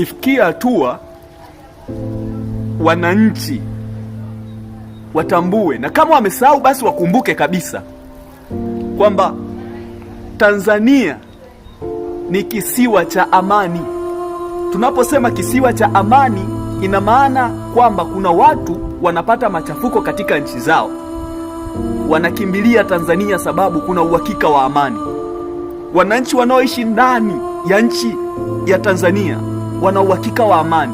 ifikia hatua wananchi watambue, na kama wamesahau basi wakumbuke kabisa kwamba Tanzania ni kisiwa cha amani. Tunaposema kisiwa cha amani, ina maana kwamba kuna watu wanapata machafuko katika nchi zao, wanakimbilia Tanzania sababu kuna uhakika wa amani. Wananchi wanaoishi ndani ya nchi ya Tanzania wana uhakika wa amani.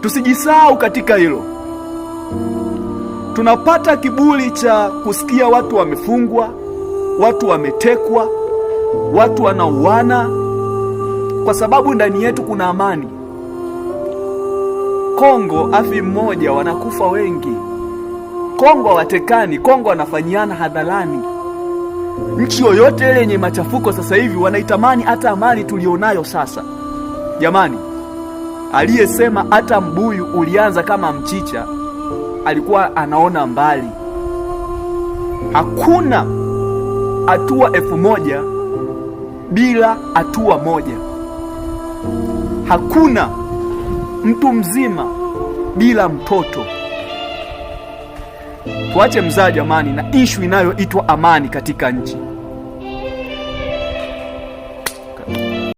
Tusijisahau katika hilo. Tunapata kiburi cha kusikia watu wamefungwa, watu wametekwa, watu wanauana, kwa sababu ndani yetu kuna amani. Kongo afi mmoja wanakufa wengi. Kongo hawatekani, Kongo wanafanyiana hadharani. Nchi yoyote ile yenye machafuko sasa hivi wanaitamani hata amani tulionayo sasa. Jamani, aliyesema hata mbuyu ulianza kama mchicha alikuwa anaona mbali. Hakuna hatua elfu moja bila hatua moja. Hakuna mtu mzima bila mtoto. Tuache mzaa jamani, na ishu inayoitwa amani katika nchi.